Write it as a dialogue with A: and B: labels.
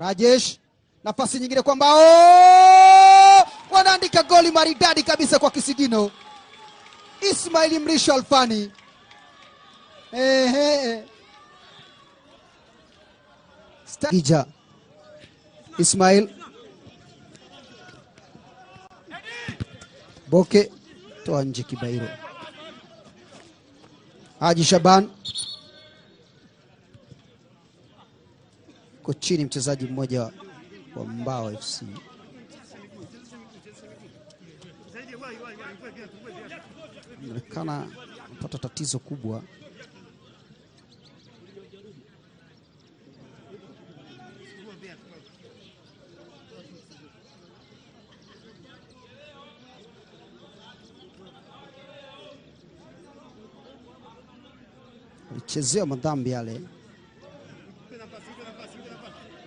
A: Rajesh, nafasi nyingine kwa mbao, wanaandika goli maridadi kabisa kwa kisigino. Ismail Mrisho Alfani, ehe, Ija Ismail Boke, toa nje Kibairo, Haji Shaban chini mchezaji mmoja wa Mbao FC. Inaonekana anapata tatizo kubwa. Alichezewa madhambi yale. napas, sigue napas, sigue napas.